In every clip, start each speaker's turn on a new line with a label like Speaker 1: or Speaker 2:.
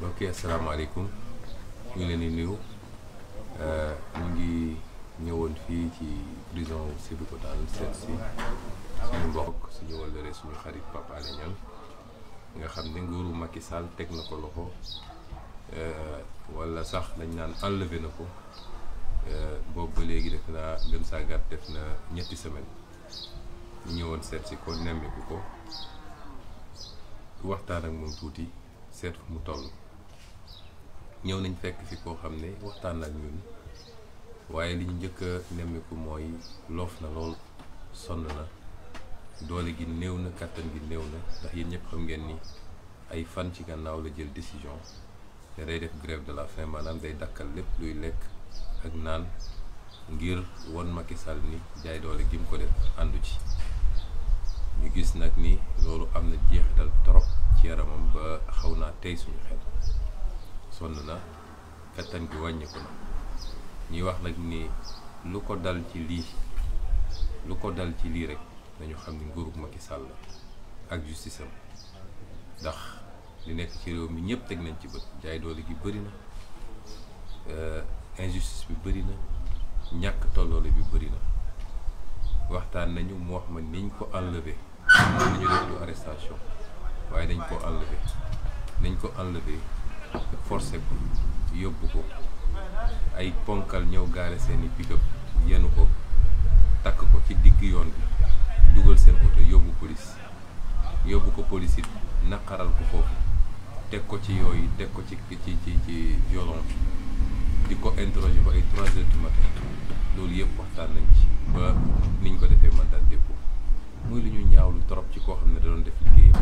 Speaker 1: mbokk yi asalaamaaleykum ñu ngi leen di nuyu euh, ñu ngi ñëwoon fii ci prison Sébikotane seet si suñu mbokk suñu wëllëre suñu xarit Pape Alé Niang nga xam ne nguuru Macky Sall teg na ko loxo euh, wala sax dañ naan enlevé na ko euh, boobu ba léegi def naa gën saa gàtt def na ñetti semaine ñu ñëwoon seet si ko nemmeeku ko waxtaan ak moom tuuti seet fu mu toll ñëw nañ fekk fi koo xam ne waxtaan ak ñun waaye li ñu njëkk a nemmiku mooy loof na lool sonn na doole gi néew na kàttan gi néew na ndax yéen ñëpp xam ngeen ni ay fan ci gannaaw la jël décision ne day def grève de la faim maanaam day dakkal lépp luy lekk ak naan ngir won Macky sal ni jaay doole gi mu ko def àndu ci ñu gis nag ni loolu am na jeexital trop ci yaramam ba xaw naa tey suñu xel. sonn na kattan gi wàññiku na ñuy wax nag ni lu ko dal ci lii lu ko dal ci lii rek nañu xam ni nguurug Macky Sall ak justice am ndax li nekk ci réew mi ñëpp teg nañ ci bët jaay doole gi bëri na euh, injustice bi bëri na ñàkk tolloole bi bëri na waxtaan nañu mu wax ma niñ ko enlever nañu def du arrestation waaye dañ ko enlever nañ ko enlever forcé ko yóbbu ko ay ponkal ñëw gaare seeni pick-up yenu ko takk ko ci digg yoon bi dugal seen oto yóbbu polis yóbbu ko polis it naqaral ko ko teg ko ci yooyu teg ko ci ci ci ci violon di ko interroger ba ay trois heures du matin loolu yëpp waxtaan nañ ci ba niñ ko defee mandat dépôt muy lu ñu ñaawlu trop ci koo xam ne da doon def liggéeyam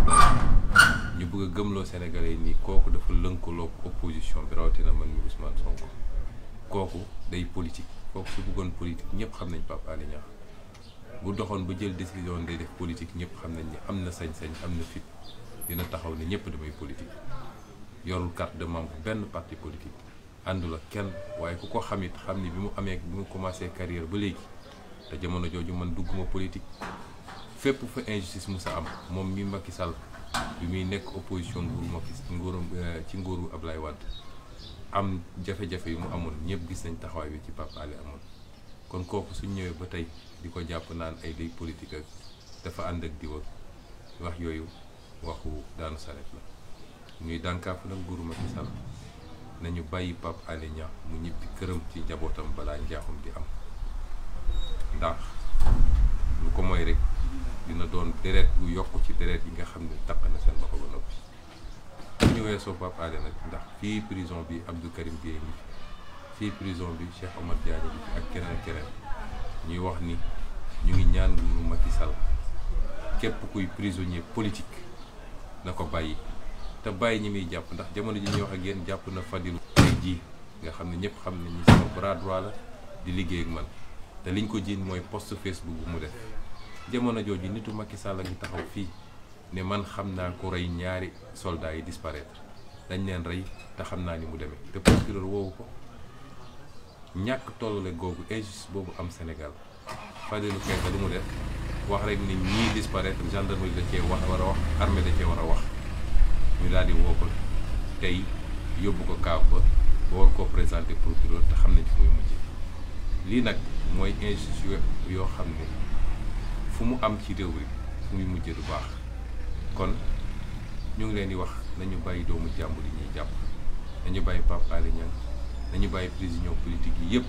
Speaker 1: ñu bëgg gëmloo Sénégalais nii kooku lënkaloog opposition bi rawatina man mi Ousmane Sonko kooku day politique kooku su bëggoon politique ñëpp xam nañ Pape Alé bu doxoon ba jël décision day def politique ñëpp xam nañ ni am na sañ-sañ am na fit dina taxaw ne ñëpp damay politique yorul carte de membre benn parti politique àndul ak kenn waaye ku ko xamit xam ne bi mu amee bi mu commencé carrière ba léegi te jamono jooju man dugguma politique fépp fa injustice mu sa am moom mi Macky Sall bi muy nekk opposition nguuru Macky nguuru euh, ci nguuru Ablaye Wade am jafe-jafe yu mu amoon ñëpp gis nañ taxawaay bi ci Pape Alé amoon kon kooku suñ ñëwee ba tey di ko jàpp naan ay day politique ak dafa ànd ak diwa wax yooyu waxu daanu saret la ñuy dànkaafu nag nguuru Macky Sall nañu bàyyi Pape ale Niang mu ñibbi këram ci njabootam balaa njaaxum di am ndax doon deret gu yok ci deret yi nga xamne tak na seen bako ba ñu wéso Pape Alé nak ndax fi prison bi Abdou Karim bi ngi fii prison bi Cheikh Omar diadi bi ak keneen keneen ñi wax ni ñu ngi ñaan nguuru Macky Sall kep kuy prisonnier politique nako bayyi bàyyi te bàyyi ñi mi japp ndax jamono ji ñi wax ak yeen japp na fadil ji nga xamne ñepp xamne ni sama bras droit la di liggéey ak man te liñ ko jinn moy post Facebook bu mu def jamono joji nitu Macky Sall ngi taxaw fi ne man xamna ko ray ñaari soldat yi disparaître dañ leen ray ta xamna ni mu demee te procureur wowo ko ñàkk tollale googu injustice bobu am Sénégal Fadilou Keita lu mu def wax rek ni ñi disparaître gendarmerie da cee wax wara wax armée da cee wara wax ñu daldi wo ko tay yobbu ko kaaf war ko présenter procureur ta xamna ci muy injustice yo fu mu am ci réew mi fu muy mujjee du baax kon ñu ngi leen di wax nañu bàyyi doomu jàmbur yi ñuy jàpp nañu bàyyi Pape Alé Niang nañu bàyyi prisonniers politiques yi yëpp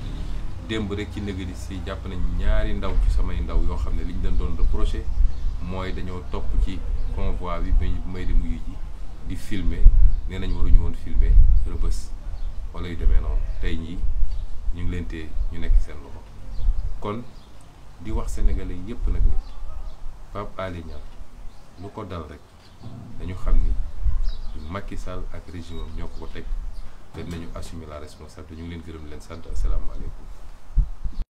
Speaker 1: démb rek ci négalis si jàpp nañ ñaari ndaw ci samay ndaw yoo xam ne li ñu leen doon reproché mooy dañoo topp ci convoi bi bi may dem mu ji di filmer nee nañ waruñu woon filmer Rebeuss wala yu demee noonu tey ñii ñu ngi leen ñu nekk seen loxo kon. di wax sénégalais yépp nag ni Pape Alé Niang ko dal rek dañu xam ni Macky Sall ak régime am ñoo ko ko teg te dinañu assumer la responsabilité ñu ngi leen gërëm leen sant asalaamaaleykum